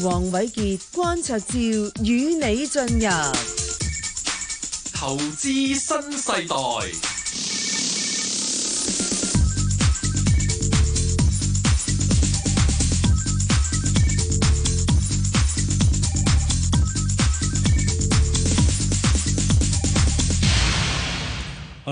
王偉杰關卓照與你進入投資新世代。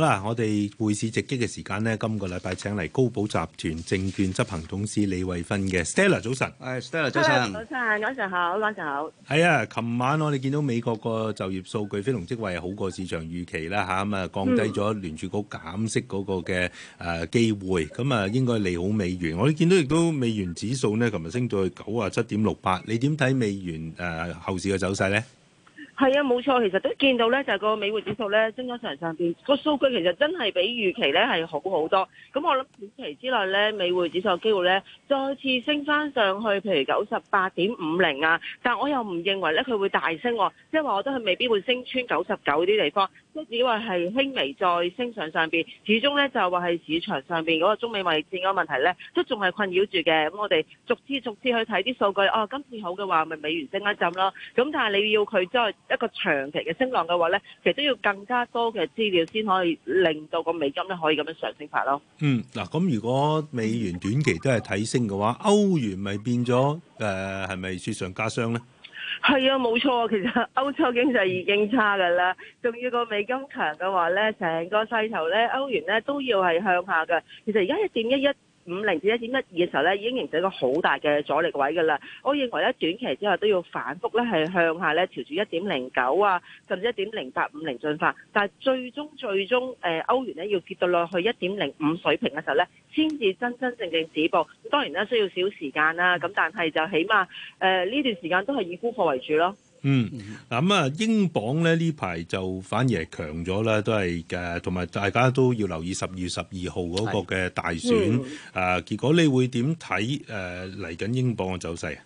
嗱，我哋匯市直擊嘅時間咧，今個禮拜請嚟高寶集團證券執行董事李慧芬嘅 Stella，早晨。誒，Stella 早晨。早晨，早晨，好，早晨好。係啊，琴晚我哋見到美國個就業數據非農職位好過市場預期啦，吓，咁啊，降低咗聯儲局減息嗰個嘅誒機會，咁啊，應該利好美元。我哋見到亦都美元指數咧，琴日升到去九啊七點六八，你點睇美元誒後市嘅走勢咧？係啊，冇錯，其實都見到咧，就係、是、個美匯指數咧升咗上上邊，個數據其實真係比預期咧係好好多。咁、嗯、我諗短期之內咧，美匯指數有機會咧再次升翻上去，譬如九十八點五零啊。但我又唔認為咧佢會大升，即係話我覺得佢未必會升穿九十九啲地方，即係只係係輕微再升上上邊。始終咧就話係市場上邊嗰、那個中美貿易戰嗰個問題咧，都仲係困擾住嘅。咁、嗯、我哋逐次逐次去睇啲數據，哦、啊、今次好嘅話，咪美元升一陣囉。咁但係你要佢再。一個長期嘅升浪嘅話咧，其實都要更加多嘅資料先可以令到個美金咧可以咁樣上升法咯。嗯，嗱，咁如果美元短期都係睇升嘅話，歐元咪變咗誒係咪雪上加霜咧？係啊，冇錯，其實歐洲經濟已經差㗎啦，仲要個美金強嘅話咧，成個勢頭咧歐元咧都要係向下㗎。其實而家一點一一。五零至一點一二嘅時候咧，已經形成一個好大嘅阻力位㗎啦。我認為咧，短期之後都要反覆咧，係向下咧朝住一點零九啊，甚至一點零八五零進發。但係最終最終，誒、呃、歐元咧要跌到落去一點零五水平嘅時候咧，先至真真正正止步。當然啦，需要少少時間啦、啊。咁但係就起碼誒呢、呃、段時間都係以沽貨為主咯。嗯，嗱咁啊，英鎊咧呢排就反而係強咗啦，都係嘅，同、呃、埋大家都要留意十二月十二號嗰個嘅大選啊，結果你會點睇誒嚟緊英鎊嘅走勢啊？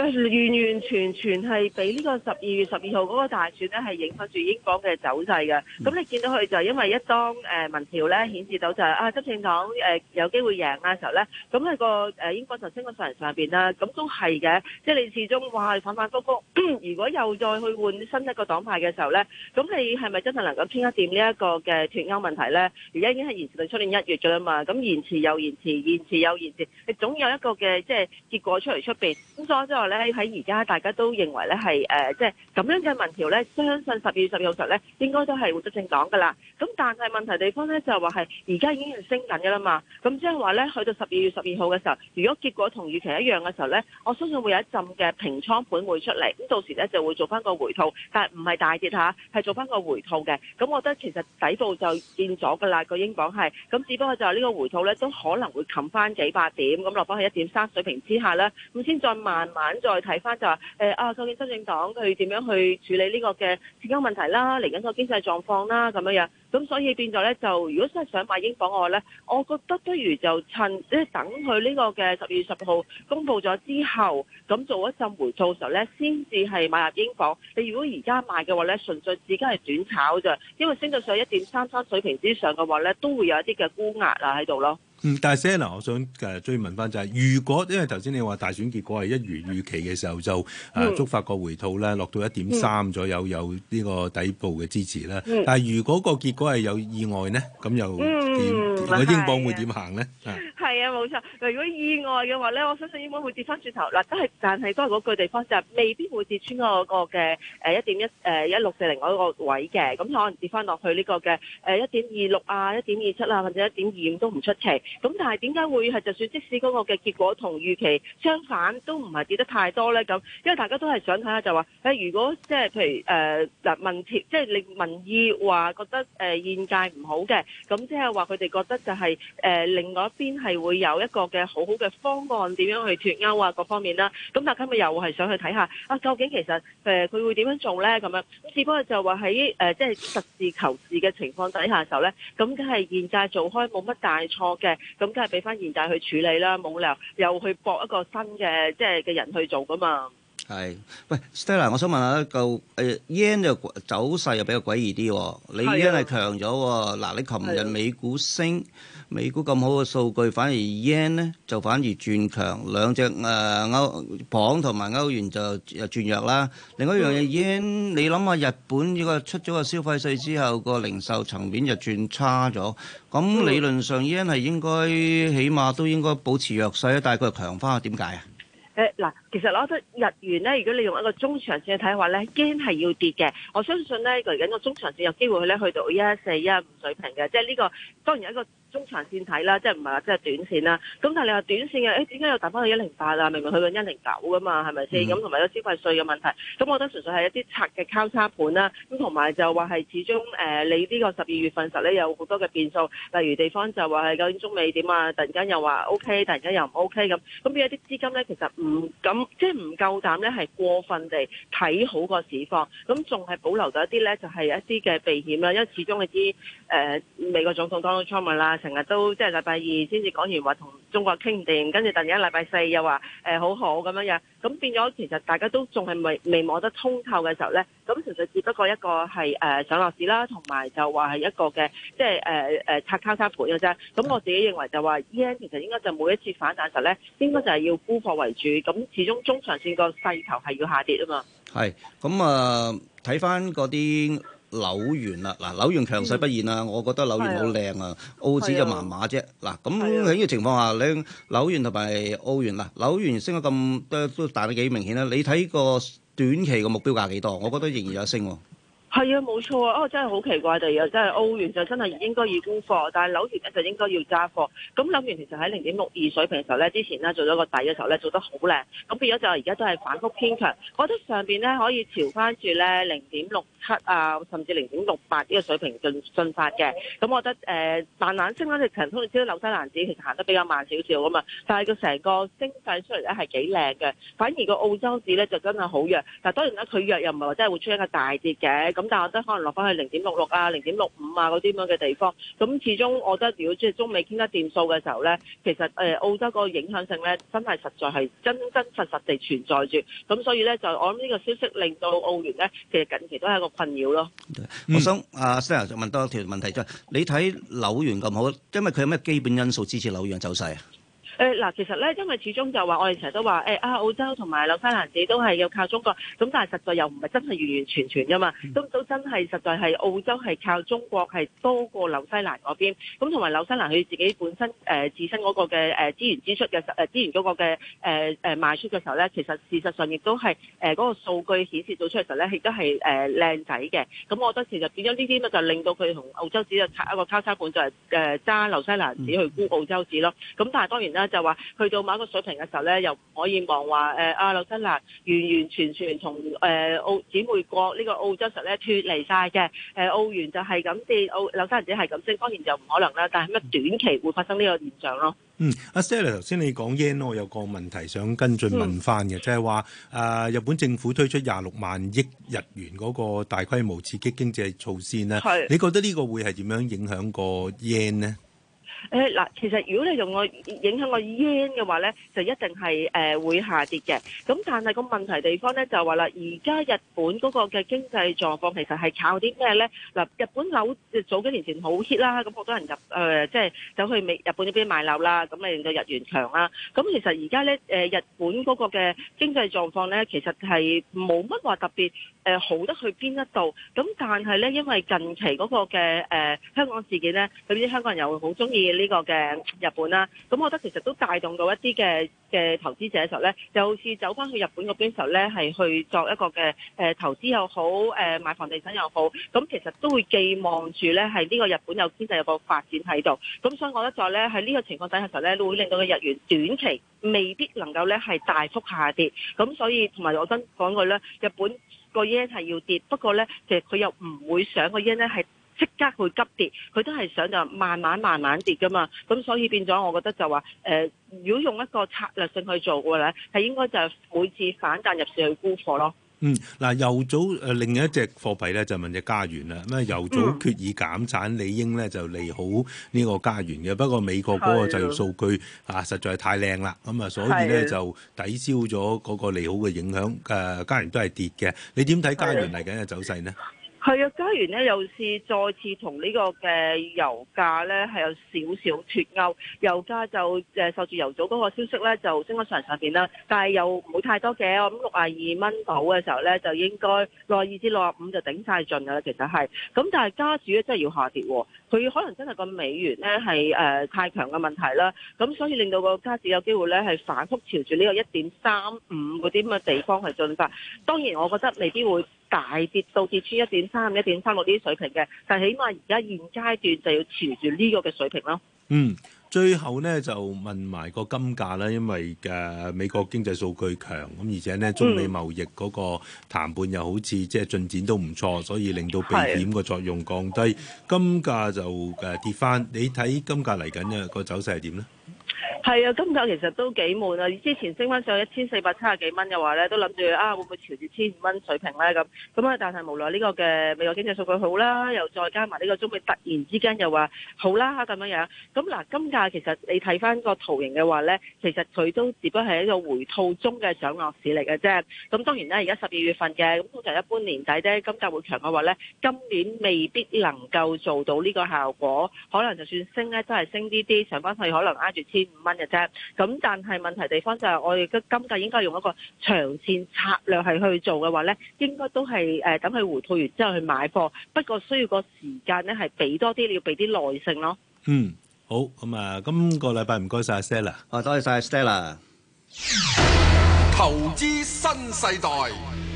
呃、完完全全係俾呢個十二月十二號嗰個大選咧，係影響住英國嘅走勢嘅。咁、嗯、你見到佢就因為一當誒民調咧顯示到就係、是、啊執政黨誒有機會贏嘅時候呢，咁喺個誒英國就升咗上嚟上邊啦。咁、嗯、都係嘅，即、就、係、是、你始終哇反反覆覆，如果又再去換新一個黨派嘅時候呢，咁、嗯、你係咪真係能夠傾得掂呢一個嘅脫歐問題呢？而家已經係延遲到出年一月咗啦嘛，咁、嗯、延遲又延遲，延遲又延遲，你總有一個嘅即係結果出嚟出邊。咁所以喺而家大家都認為咧係誒，即係咁樣嘅民調咧，相信十二月十二號嘅時候咧，應該都係活得正黨噶啦。咁但係問題地方咧就係話係而家已經係升緊噶啦嘛。咁即係話咧，去到十二月十二號嘅時候，如果結果同預期一樣嘅時候咧，我相信會有一陣嘅平倉盤會出嚟。咁到時咧就會做翻個回吐，但係唔係大跌下，係、啊、做翻個回吐嘅。咁我覺得其實底部就見咗噶啦，個英鎊係。咁只不過就係呢個回吐咧，都可能會冚翻幾百點，咁落翻去一點三水平之下咧，咁先再慢慢。咁再睇翻就話誒、欸、啊，究竟新政黨佢點樣去處理呢個嘅資金問題啦，嚟緊個經濟狀況啦咁樣樣，咁所以變咗咧就如果真係想買英鎊嘅話咧，我覺得不如就趁即係等佢呢個嘅十月十號公布咗之後，咁做一陣回吐嘅時候咧，先至係買入英鎊。你如果而家買嘅話咧，純粹自家係轉炒咋，因為升到上一點三三水平之上嘅話咧，都會有一啲嘅沽壓啊喺度咯。嗯，但係 Sir 嗱，我想誒、呃、追問翻就係，如果因為頭先你話大選結果係一如預期嘅時候，就誒觸、呃、發個回吐咧，落到一點三左右，嗯、左右有呢個底部嘅支持啦。但係如果個結果係有意外咧，咁又點？嗯、又個英鎊會點行咧？的係啊，冇錯。如果意外嘅話咧，我相信應該會跌返轉頭。嗱，都係，但係都係嗰句地方就係、是、未必會跌穿嗰、那個嘅誒一點一誒一六四零嗰個位嘅。咁可能跌返落去呢個嘅誒一點二六啊、一點二七啊，或者一點二五都唔出奇。咁但係點解會係就算即使嗰個嘅結果同預期相反，都唔係跌得太多咧？咁因為大家都係想睇下，就話誒，如果即、就、係、是、譬如誒嗱、呃、民即係民民意話覺得誒、呃、現界唔好嘅，咁即係話佢哋覺得就係、是、誒、呃、另外一邊係。會有一個嘅好好嘅方案，點樣去脱歐啊？各方面啦，咁但係今日又係想去睇下啊，究竟其實誒佢、呃、會點樣做咧？咁樣，咁只不過就話喺誒即係實事求是嘅情況底下嘅時候咧，咁梗係現屆做開冇乜大錯嘅，咁梗係俾翻現屆去處理啦，冇理由又去搏一個新嘅即係嘅人去做噶嘛。係，喂，Stella，我想問下咧，就 yen 嘅走勢又比較詭異啲，你 yen 係強咗，嗱的、啊，你琴日美股升。的美股咁好嘅數據，反而 yen 呢，就反而轉強，兩隻誒、呃、歐磅同埋歐元就又轉弱啦。另一樣嘢 yen，你諗下日本呢個出咗個消費稅之後，個零售層面就轉差咗。咁理論上 yen 係應該起碼都應該保持弱勢，但係佢又強翻，點解啊？誒嗱，其實我覺得日元咧，如果你用一個中長線去睇嘅話咧，yen 係要跌嘅。我相信咧，佢而家個中長線有機會去咧去到一一四一五水平嘅，即係呢個當然有一個。中長線睇啦，即係唔係話即係短線啦？咁但係你話短線嘅，誒點解又彈翻去一零八啊？明明去到一零九噶嘛，係咪先？咁同埋個消費稅嘅問題，咁我覺得純粹係一啲拆嘅交叉盤啦、啊。咁同埋就話係始終誒、呃，你呢個十二月份實咧有好多嘅變數，例如地方就話係究竟中美點啊？突然間又話 OK，突然間又唔 OK 咁。咁變咗啲資金咧其實唔敢，即係唔夠膽咧，係過分地睇好個市況。咁仲係保留咗一啲咧，就係、是、一啲嘅避險啦。因為始終你知誒、呃、美國總統 Donald Trump 啦。成日都即係禮拜二先至講完話同中國傾掂，跟住突然間禮拜四又話誒、呃、好好咁樣樣，咁變咗其實大家都仲係未未摸得通透嘅時候咧，咁其實只不過一個係誒、呃、上落市啦，同埋就話係一個嘅即係誒誒擦擦擦盤嘅啫。咁我自己認為就話依家其實應該就每一次反彈時候咧，應該就係要沽貨為主，咁始終中長線個勢頭係要下跌啊嘛。係，咁啊睇翻嗰啲。呃紐元啦，嗱紐，紐元強勢不現啊，嗯、我覺得紐元好靚啊，澳紙就麻麻啫。嗱咁喺呢個情況下，你紐元同埋澳元嗱紐元升咗咁多，都大得幾明顯咧？你睇個短期個目標價幾多？我覺得仍然有升。係啊，冇錯啊！哦，真係好奇怪，就而家真係澳元就真係應該要沽貨，但係紐元咧就應該要揸貨。咁紐元其實喺零點六二水平嘅時候咧，之前咧做咗個底嘅時候咧，做得好靚。咁變咗就而家都係反覆偏強。我覺得上邊咧可以調翻住咧零點六七啊，甚至零點六八呢個水平進進發嘅。咁、嗯、我覺得誒、呃、慢慢升翻，即係陳通你知道紐西蘭紙其實行得比較慢少少啊嘛。但係佢成個經濟出嚟咧係幾靚嘅，反而個澳洲紙咧就真係好弱。但係當然啦，佢弱又唔係話真係會出一個大跌嘅。咁但係我覺得可能落翻去零點六六啊、零點六五啊嗰啲咁嘅地方，咁始終我覺得如果即係中美傾得掂數嘅時候咧，其實誒澳洲嗰個影響性咧，真係實在係真真實實地存在住。咁所以咧，就我諗呢個消息令到澳元咧，其實近期都係一個困擾咯。嗯、我想阿 s a r 就問多一條問題，就係你睇紐元咁好，因為佢有咩基本因素支持紐元走勢啊？誒嗱，其實咧，因為始終就話我哋成日都話誒、哎、啊，澳洲同埋紐西蘭紙都係要靠中國，咁但係實在又唔係真係完完全全噶嘛，都、嗯、都真係實在係澳洲係靠中國係多過紐西蘭嗰邊，咁同埋紐西蘭佢自己本身誒、呃、自身嗰個嘅誒資源支出嘅實誒資源嗰個嘅誒誒賣出嘅時候咧，其實事實上亦都係誒嗰個數據顯示到出嚟時候咧，亦都係誒靚仔嘅，咁、嗯、我覺得其實變咗呢啲咪就令到佢同澳洲紙啊一個交叉盤、就係，就係誒揸紐西蘭紙去沽澳洲紙咯，咁但係當然啦。就話去到某一個水平嘅時候咧，又唔可以望話誒啊！紐西蘭完完全全同誒澳姊妹國呢個澳洲實咧脫離曬嘅誒澳元就係咁跌，澳紐西蘭紙係咁升，當然就唔可能啦。但係咩短期會發生呢個現象咯？嗯，阿 Sir，頭先你講 yen，我有個問題想跟進問翻嘅，即係話啊，日本政府推出廿六萬億日元嗰個大規模刺激經濟措施咧，你覺得呢個會係點樣影響個 yen 咧？誒嗱，其實如果你用我影響個 yen 嘅話咧，就一定係誒、呃、會下跌嘅。咁但係個問題地方咧就話啦，而家日本嗰個嘅經濟狀況其實係靠啲咩咧？嗱、呃，日本樓早幾年前好 hit 啦，咁好多人入，誒即係走去美日本嗰邊買樓啦，咁咪令到日元強啦。咁其實而家咧誒日本嗰個嘅經濟狀況咧，其實係冇乜話特別。誒、呃、好得去邊一度？咁但係咧，因為近期嗰個嘅誒、呃、香港事件咧，佢啲香港人又會好中意呢個嘅日本啦、啊。咁我覺得其實都帶動到一啲嘅嘅投資者嘅時候咧，就好似走翻去日本嗰邊時候咧，係去作一個嘅誒、呃、投資又好，誒、呃、買房地產又好。咁其實都會寄望住咧係呢個日本有經濟有個發展喺度。咁所以我覺得在咧喺呢個情況底下嘅時候咧，會令到個日元短期未必能夠咧係大幅下跌。咁所以同埋我真講句咧，日本。個 yen 係要跌，不過呢，其實佢又唔會想個 yen 係即刻去急跌，佢都係想就慢慢慢慢跌噶嘛。咁所以變咗，我覺得就話誒，如果用一個策略性去做嘅話呢，係應該就係每次反彈入市去沽貨咯。嗯，嗱，油組誒另一隻貨幣咧就問隻加元啦，咁啊油組決議減產，嗯、理應咧就利好呢個加元嘅，不過美國嗰個就業數據啊的實在係太靚啦，咁啊所以咧就抵消咗嗰個利好嘅影響，誒加元都係跌嘅。你點睇加元嚟緊嘅走勢呢？係啊，加元咧又是再次同呢個嘅油價咧，係有少少脱鈎。油價就誒受住油組嗰個消息呢就升咗上升上邊啦。但係又冇太多嘅，我諗六啊二蚊到嘅時候呢，就應該六二至六啊五就頂晒盡噶啦。其實係咁，但係加主咧真係要下跌。佢可能真係個美元呢係誒、呃、太強嘅問題啦。咁所以令到個加紙有機會呢，係反覆朝住呢個一點三五嗰啲咁嘅地方去進發。當然，我覺得未必會。大跌到跌穿一點三、一點三六啲水平嘅，但係起碼而家現階段就要朝住呢個嘅水平咯。嗯，最後呢，就問埋個金價啦，因為嘅、呃、美國經濟數據強，咁而且呢中美貿易嗰個談判又好似即係進展都唔錯，所以令到避險嘅作用降低，的金價就誒、呃、跌翻。你睇金價嚟緊嘅個走勢係點呢？係啊，金價其實都幾悶啊！之前升翻上一千四百七十幾蚊嘅話咧，都諗住啊會唔會調至千五蚊水平咧？咁咁啊，但係無奈呢個嘅美國經濟數據好啦，又再加埋呢個中美突然之間又話好啦咁樣樣。咁、啊、嗱，金價其實你睇翻個圖形嘅話咧，其實佢都只不過係一個回吐中嘅上落市嚟嘅啫。咁、嗯、當然啦，而家十二月份嘅咁通常一般年底啫，金價會強嘅話咧，今年未必能夠做到呢個效果，可能就算升咧都係升啲啲，上翻去可能挨住千五蚊。嘅啫，咁但係問題地方就係，我哋今今季應該用一個長線策略係去做嘅話咧，應該都係誒等佢回吐完之後去買貨，不過需要個時間咧係俾多啲，你要俾啲耐性咯。嗯，好，咁、嗯、啊，今個禮拜唔該晒阿 Stella，啊多謝晒阿 Stella，投資新世代。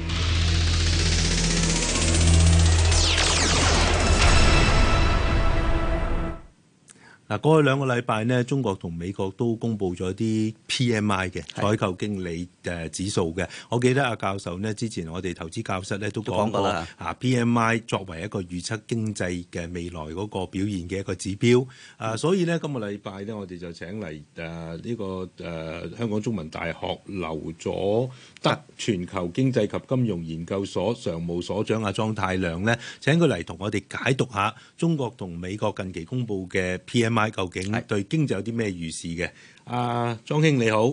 過去兩個禮拜咧，中國同美國都公布咗啲 PMI 嘅採購經理誒指數嘅。我記得阿教授咧，之前我哋投資教室咧都講過啦。啊，PMI 作為一個預測經濟嘅未來個表現嘅一個指標是啊，所以咧，今個禮拜咧，我哋就請嚟誒呢個誒、啊、香港中文大學劉佐德全球經濟及金融研究所常務所長阿莊太量咧，請佢嚟同我哋解讀下中國同美國近期公布嘅 PMI。究竟對經濟有啲咩預示嘅？阿的、呃、莊兄你好，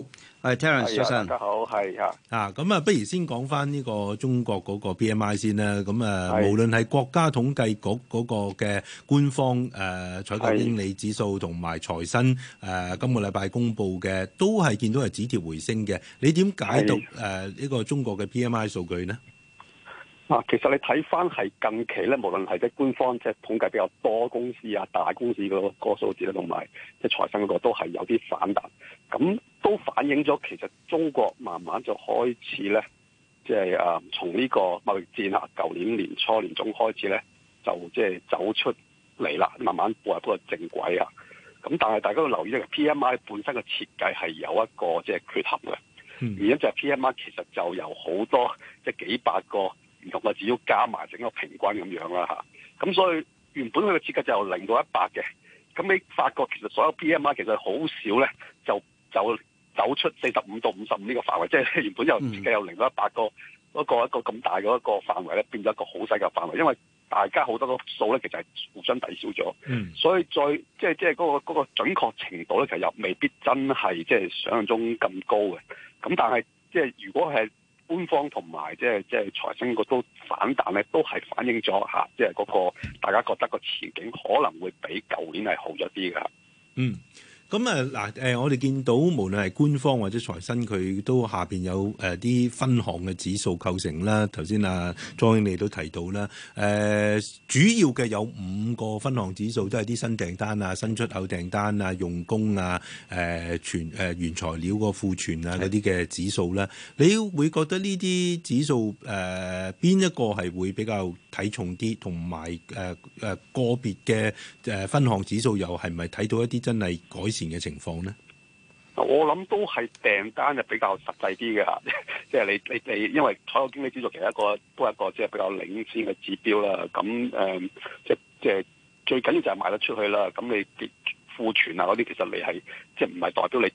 係 Taylor 先生，大家好，係啊。啊，咁啊，不如先講返呢個中國嗰個 P M I 先啦。咁啊，的無論係國家統計局嗰個嘅官方誒採購經理指數，同埋財新誒、呃、今個禮拜公布嘅，都係見到係止跌回升嘅。你點解讀誒呢的、呃這個中國嘅 P M I 數據呢？啊，其實你睇翻係近期咧，無論係即係官方即係統計比較多公司啊、大公司個個數字咧、啊，同埋即係財新嗰都係有啲反彈，咁都反映咗其實中國慢慢就開始咧，即、就、係、是、啊，從呢個貿易戰、啊，舊年年初年中開始咧，就即係走出嚟啦，慢慢步入嗰個正軌啊。咁但係大家都留意咧，P M I 本身嘅設計係有一個即係缺陷嘅，原因、嗯、就係 P M I 其實就由好多即係、就是、幾百個。唔同啊！只要加埋整個平均咁樣啦嚇，咁、啊、所以原本佢嘅設計就係零到一百嘅，咁你發覺其實所有 PMI 其實好少咧，就走走出四十五到五十五呢個範圍，即、就、係、是、原本又、嗯、設計有零到一百個一、那個一、那個咁大嘅一個範圍咧，變咗一個好細嘅範圍，因為大家好多個數咧其實係互相抵消咗，嗯、所以再即係即係嗰個嗰、嗰個準確程度咧，其實又未必真係即係想像中咁高嘅。咁但係即係如果係。官方同埋即係即係財新個都反彈咧，都係反映咗吓，即係嗰個大家覺得個前景可能會比舊年係好咗啲噶。嗯。咁啊嗱，誒、嗯嗯、我哋見到無論係官方或者財新，佢都下邊有誒啲，呃、分項嘅指數構成啦。頭先啊莊太量都提到啦，誒、呃、主要嘅有五個分項指數都係啲新訂單啊、新出口訂單啊、用工啊、誒、呃、全誒、呃、原材料個庫存啊嗰啲嘅指數啦。你會覺得呢啲指數誒邊一個係會比較睇重啲，同埋誒誒個別嘅誒分項指數又係咪睇到一啲真係改善？嘅情況呢？我諗都係訂單就比較實際啲嘅，即 係你你你，因為採購經理指數其實一個都係一個即係比較領先嘅指標啦。咁誒，即即係最緊要就係賣得出去啦。咁你庫存啊嗰啲，其實你係即係唔係代表你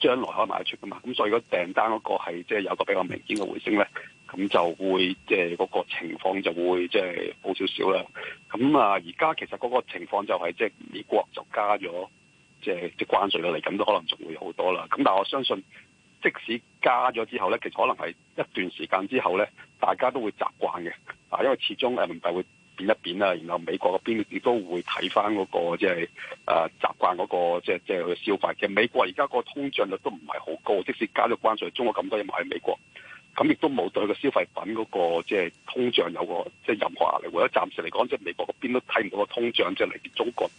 將來可以賣得出㗎嘛？咁所以如果單個訂單嗰個係即係有個比較明顯嘅回升咧，咁就會即係嗰個情況就會即係、即係、好少少啦。咁啊，而、呃、家其實嗰個情況就係即係美國就加咗。即係即關稅嘅嚟緊都可能仲會好多啦。咁但係我相信，即使加咗之後咧，其實可能係一段時間之後咧，大家都會習慣嘅。啊，因為始終誒人民幣會變一變啦，然後美國嗰邊亦都會睇翻嗰個即係誒、呃、習慣嗰、那個即係即係消費。其實美國而家個通脹率都唔係好高，即使加咗關稅，中國咁多人嘢賣美國，咁亦都冇對個消費品嗰、那個即係通脹有個即係任何壓力。或者暫時嚟講，即係美國嗰邊都睇唔到通脹即係嚟自中國。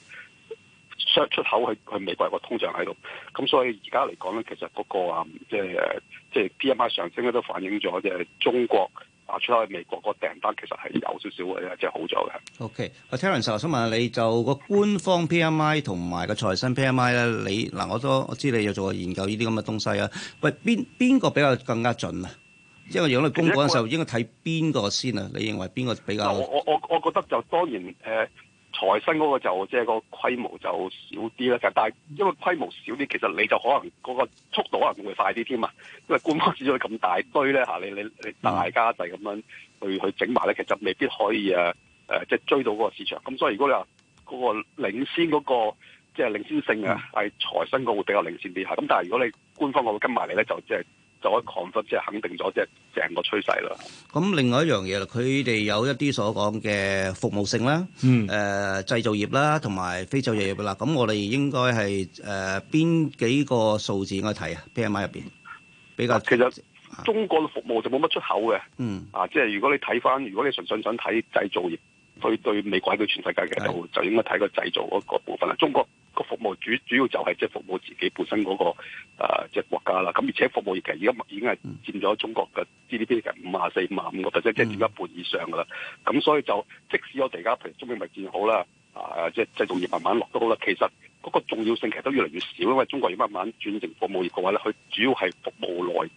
出口去去美國個通脹喺度，咁所以而家嚟講咧，其實嗰個啊，即係即係 P M I 上升咧，都反映咗即係中國啊出口去美國個訂單其實係有少少嘅，即係好咗嘅。O K，阿 Terence 我想問下你，就個官方 P M I 同埋個財新 P M I 咧，你嗱我都我知你有做過研究呢啲咁嘅東西啊。喂，邊邊個比較更加準啊？因為如果你公布嘅時候，應該睇邊個先啊？你認為邊個比較？我我我覺得就當然誒。呃財新嗰個就即係、就是、個規模就少啲啦，但係因為規模少啲，其實你就可能嗰個速度可能會快啲添啊。因為官方市咗咁大堆咧嚇，你你你大家就係咁樣去去整埋咧，其實未必可以啊誒，即、呃、係、就是、追到嗰個市場。咁所以如果你話嗰個領先嗰、嗰個即係、就是、領先性啊，係 財新嗰會比較領先啲嚇。咁但係如果你官方我會跟埋嚟咧，就即、就、係、是。就可以 confirm 即係肯定咗即係成個趨勢啦。咁另外一樣嘢啦，佢哋有一啲所講嘅服務性啦，誒、嗯呃、製造業啦，同埋非製造業啦。咁是我哋應該係誒邊幾個數字應該睇啊？PMI 入邊比較，其實中國嘅服務就冇乜出口嘅。嗯。啊，即係如果你睇翻，如果你純粹想睇製造業。佢對，對美國喺對全世界嘅就就應該睇個製造嗰個部分啦。中國個服務主主要就係即係服務自己本身嗰個即係國家啦。咁而且服務業其實而家已經係佔咗中國嘅 GDP 嘅五啊四萬五個 percent，即係佔一半以上噶啦。咁、嗯、所以就即使我哋而家譬如中美貿戰好啦，啊即係製造業慢慢落好啦，其實嗰個重要性其實都越嚟越少，因為中國要慢慢轉成服務業嘅話咧，佢主要係服務內。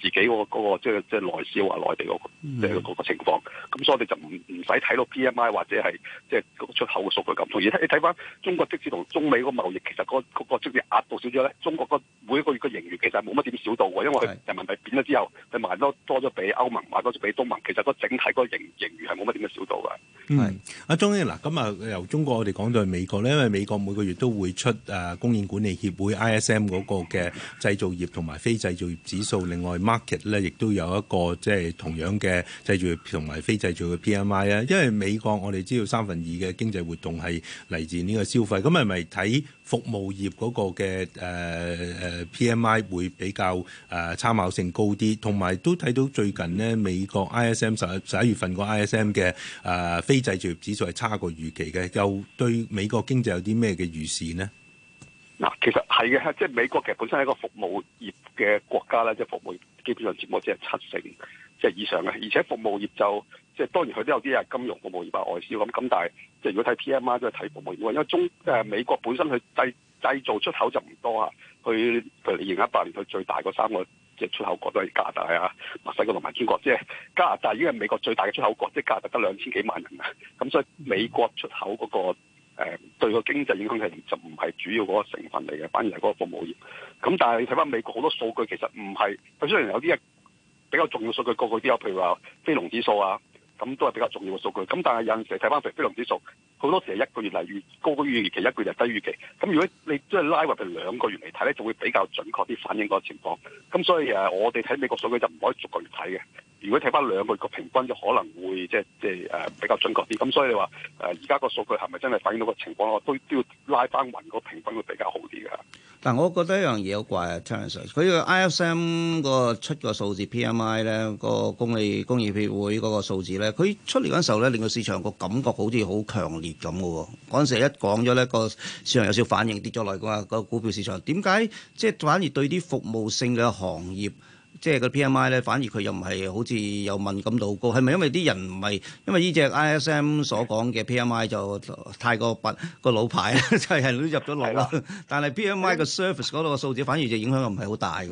自己嗰、嗰個即係即係內銷啊，內地嗰個情況，咁、mm. 嗯、所以我就唔唔使睇到 P M I 或者係即係出口嘅數據咁重要。而你睇翻中國即使同中美嗰個貿易，其實、嗰個嗰、嗰個直接壓到少咗咧，中國每一個月嘅盈餘其實冇乜點少到喎，因為人民幣貶咗之後，佢賣多多咗俾歐盟，賣多咗俾東盟，其實個整體個盈盈餘係冇乜點嘅少到嘅。嗯、mm. mm. 啊，阿鐘英嗱，咁啊由中國我哋講到美國咧，因為美國每個月都會出誒供應管理協會 I S M 嗰個嘅製造業同埋非製造業指數，另外。Market 咧亦都有一個即係同樣嘅製造業同埋非製造業嘅 PMI 啊，因為美國我哋知道三分二嘅經濟活動係嚟自呢個消費，咁係咪睇服務業嗰個嘅誒誒、uh, PMI 會比較誒、uh, 參考性高啲？同埋都睇到最近呢，美國 ISM 十十一月份個 ISM 嘅誒、uh, 非製造業指數係差過預期嘅，又對美國經濟有啲咩嘅預示呢？嗱，其實係嘅，即係美國其實本身係一個服務業嘅國家咧，即係服務業基本上佔我只係七成即係以上嘅，而且服務業就即係當然佢都有啲係金融服務業包括外銷咁，咁但係即係如果睇 PMI 都係睇服務業，因為中誒、呃、美國本身佢製製造出口就唔多啊，去佢譬如一百年佢最大嗰三個即係出口國都係加拿大啊、墨西哥同埋中國，即係加拿大已經係美國最大嘅出口國，即係加拿大得兩千幾萬人啊，咁所以美國出口嗰、那個。誒、呃、對個經濟影響係就唔係主要嗰個成分嚟嘅，反而係嗰個服務業。咁、嗯、但係你睇翻美國好多數據其實唔係，佢雖然有啲嘢比較重要數據個個都有，譬如話非農指數啊，咁、嗯、都係比較重要嘅數據。咁、嗯、但係有時睇翻譬如非農指數，好多時係一個月嚟月高於預期，一個月低於預期。咁、嗯、如果你即係拉入去兩個月嚟睇咧，就會比較準確啲反映個情況。咁、嗯、所以誒、啊，我哋睇美國數據就唔可以逐個月睇嘅。如果睇翻兩個個平均，就可能會即係即係誒比較準確啲。咁所以你話誒而家個數據係咪真係反映到個情況？我都都要拉翻勻個平均會比較好啲嘅。但我覺得一樣嘢好怪啊，Charles，佢個 IFM 個出個數字 PMI 咧，PM 呢個工業工業協會嗰個數字咧，佢出嚟嗰陣時候咧，令到市場個感覺好似好強烈咁嘅喎。嗰時一講咗呢個市場有少反應跌咗落嚟㗎嘛。個股票市場點解即係反而對啲服務性嘅行業？即係個 PMI 咧，反而佢又唔係好似有敏感度高，係咪因為啲人唔係因為呢隻 ISM 所講嘅 PMI 就太過拔個老牌咧，就 係都入咗腦啦。的但係 PMI 個 service 嗰度嘅數字反而就影響又唔係好大嘅。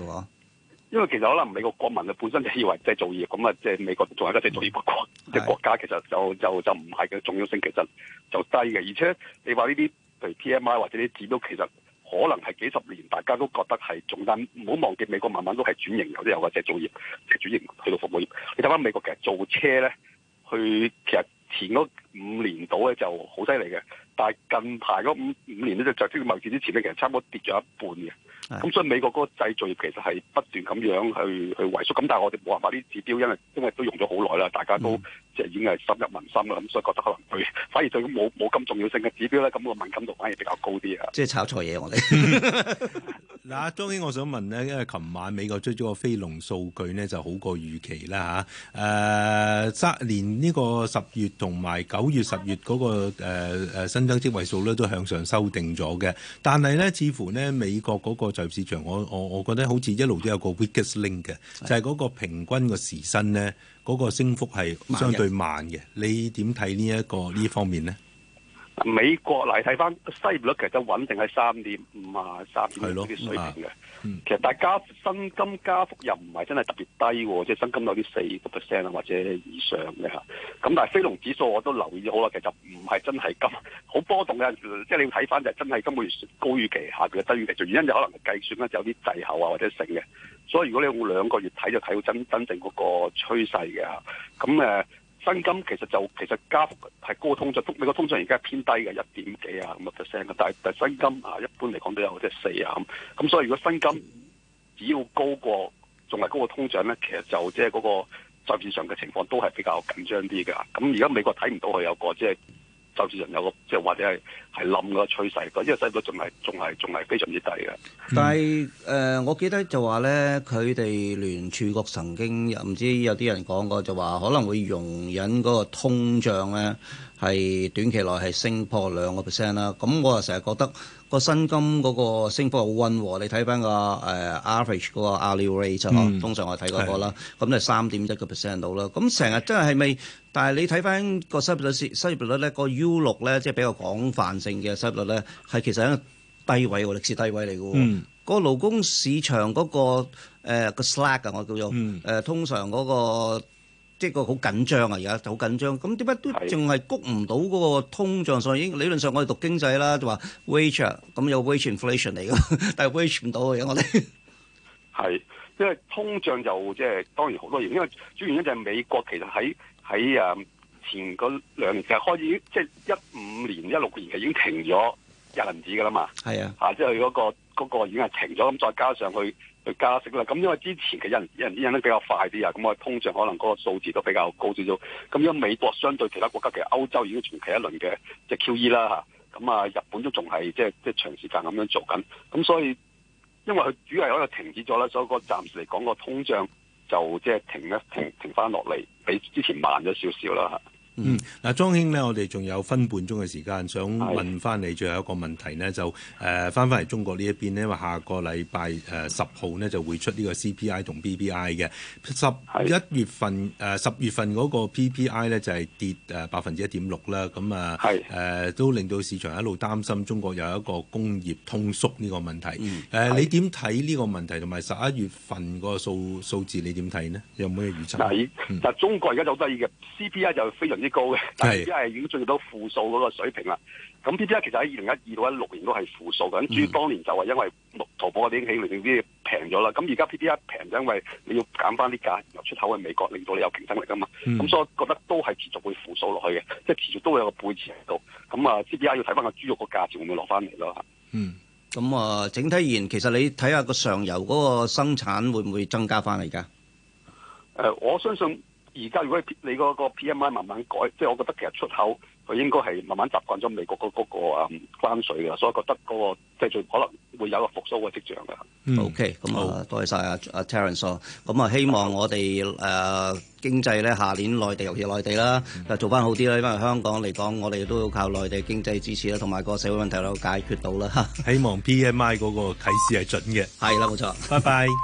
因為其實可能美國國民本身就以為製造業咁啊，即係美國仲係個製造業國，即係的國家其實就就就唔係嘅重要性其實就低嘅。而且你話呢啲譬如 PMI 或者啲指數其實，可能係幾十年，大家都覺得係重擔。唔好忘記，美國慢慢都係轉型，有啲有嘅即係做業，即係轉型去到服務業。你睇翻美國其實做車咧，去其實前嗰五年度咧就好犀利嘅，但係近排嗰五五年咧就喺貿易戰之前咧，其實差唔多跌咗一半嘅。咁、嗯、所以美國嗰個製造業其實係不斷咁樣去去萎縮，咁但係我哋冇辦法啲指標，因為因為都用咗好耐啦，大家都即係已經係深入民心啦，咁所以覺得可能佢反而對冇冇咁重要性嘅指標咧，咁個敏感度反而比較高啲啊！即係炒錯嘢，我哋嗱，當然我想問呢，因為琴晚美國出咗個非農數據呢就好過預期啦吓，誒、啊，連、呃、呢個十月同埋九月十月嗰、那個誒、呃、新增職位數咧，都向上修訂咗嘅。但係呢，似乎呢美國嗰、那個就市場，我我我覺得好似一路都有個 weakest link 嘅，就係嗰個平均個時薪咧，嗰個升幅係相對慢嘅。你點睇呢一個呢方面咧？美國嚟睇翻，失業率其實都穩定喺三點五啊，三點幾水平嘅。其實大家薪金加幅又唔係真係特別低喎，即係薪金有啲四個 percent 啊，或者以上嘅嚇。咁但係非農指數我都留意好啦，其實唔係真係咁好波動嘅，即係你要睇翻就真係今個月高於預期，下個月低於預期，就原因就可能計算咧有啲滯後啊或者剩嘅。所以如果你用兩個月睇就睇到真真正嗰個趨勢嘅嚇。咁誒。呃薪金其實就其實加幅係高通脹，美國通脹而家偏低嘅一點幾啊咁嘅 percent 但係但係薪金啊一般嚟講都有即係四啊咁，咁、就是、所以如果薪金只要高過仲係高過通脹咧，其實就即係嗰個市場上嘅情況都係比較緊張啲嘅。咁而家美國睇唔到佢有個即係。就是就似人有個即係或者係係冧嘅趨勢，因為西九仲係仲係仲係非常之低嘅。但係誒、呃，我記得就話咧，佢哋聯儲局曾經唔知有啲人講過，就話可能會容忍嗰個通脹咧係短期內係升破兩個 percent 啦。咁、啊嗯嗯、我啊成日覺得。個薪金嗰個升幅好溫和，你睇翻個誒 average 嗰個 annual rate 嗬，嗯、通常我睇嗰、那個啦，咁係三點一個 percent 到啦。咁成日真係係咪？但係你睇翻個失業率、失業率咧，那個 U 六咧，即、就、係、是、比較廣泛性嘅失業率咧，係其實一個低位喎，歷史低位嚟嘅。嗯、個勞工市場嗰、那個誒、呃那個 slack 啊，我叫做誒、嗯呃、通常嗰、那個。即係個好緊張啊！而家就好緊張，咁點解都淨係谷唔到嗰個通脹上？上已經理論上我哋讀經濟啦，ager, 就話 wage 咁有 wage inflation 嚟㗎，但係 wage 唔到嘅我哋係，因為通脹就即係當然好多嘢，因為主要原因就係美國其實喺喺啊前嗰兩年就開始，即係一五年一六年就已經停咗日銀紙㗎啦嘛。係是啊，啊，嚇即係佢嗰個已經係停咗，咁再加上佢。去加息啦，咁因為之前嘅人陣一人咧比較快啲啊，咁啊通脹可能嗰個數字都比較高少少。咁因為美國相對其他國家，其實歐洲已經重啟一輪嘅即係 QE 啦嚇，咁啊日本都仲係即係即係長時間咁樣做緊，咁所以因為佢主要係嗰個停止咗啦，所以個暫時嚟講個通脹就即係停一停，停翻落嚟，比之前慢咗少少啦嚇。嗯，嗱，莊兄咧，我哋仲有分半鐘嘅時、時間，想問翻你最後一個問題呢，就誒翻翻嚟中國呢一邊咧，因為下個禮拜誒、呃、十號是、呃、呢，就會出呢個 CPI 同 PPI 嘅十一月份誒十月份嗰個 PPI 呢，就係跌誒百分之一點六啦，咁啊誒都令到市場一路擔心中國有一個工業通縮呢個問題。誒、呃嗯呃，你點睇呢個問題同埋十一月份個數數字？你點睇呢？有冇咩預測？但中國而家就好得意嘅 CPI 就非常之，嗯高嘅，但係只係已經進入到負數嗰個水平啦。咁 P P I 其實喺二零一二到一六年都係負數嘅。咁豬、嗯、當年就話因為淘寶嗰啲起嚟啲嘢平咗啦。咁而家 P P I 平，就因為你要減翻啲價，然後出口去美國，令到你有競爭力噶嘛。咁、嗯、所以我覺得都係持續會負數落去嘅，即係持續都會有個背馳喺度。咁啊，P P I 要睇翻個豬肉個價錢會唔會落翻嚟咯？嗯，咁啊、呃，整體而言，其實你睇下個上游嗰個生產會唔會增加翻嚟？而家誒，我相信。而家如果你你嗰個 PMI 慢慢改，即係我覺得其實出口佢應該係慢慢習慣咗美國嗰個啊關稅嘅，所以覺得嗰、嗰個即最可能會有個復甦嘅跡象嘅。OK 咁啊，多謝晒阿阿 Terence。咁、嗯、啊，希望我哋誒、呃、經濟咧，下年內地尤其內地啦，嗯、做翻好啲啦，因為香港嚟講，我哋都要靠內地經濟支持啦，同埋個社會問題能解決到啦。希望 PMI 嗰個啟示係準嘅。係啦， 冇錯。拜拜。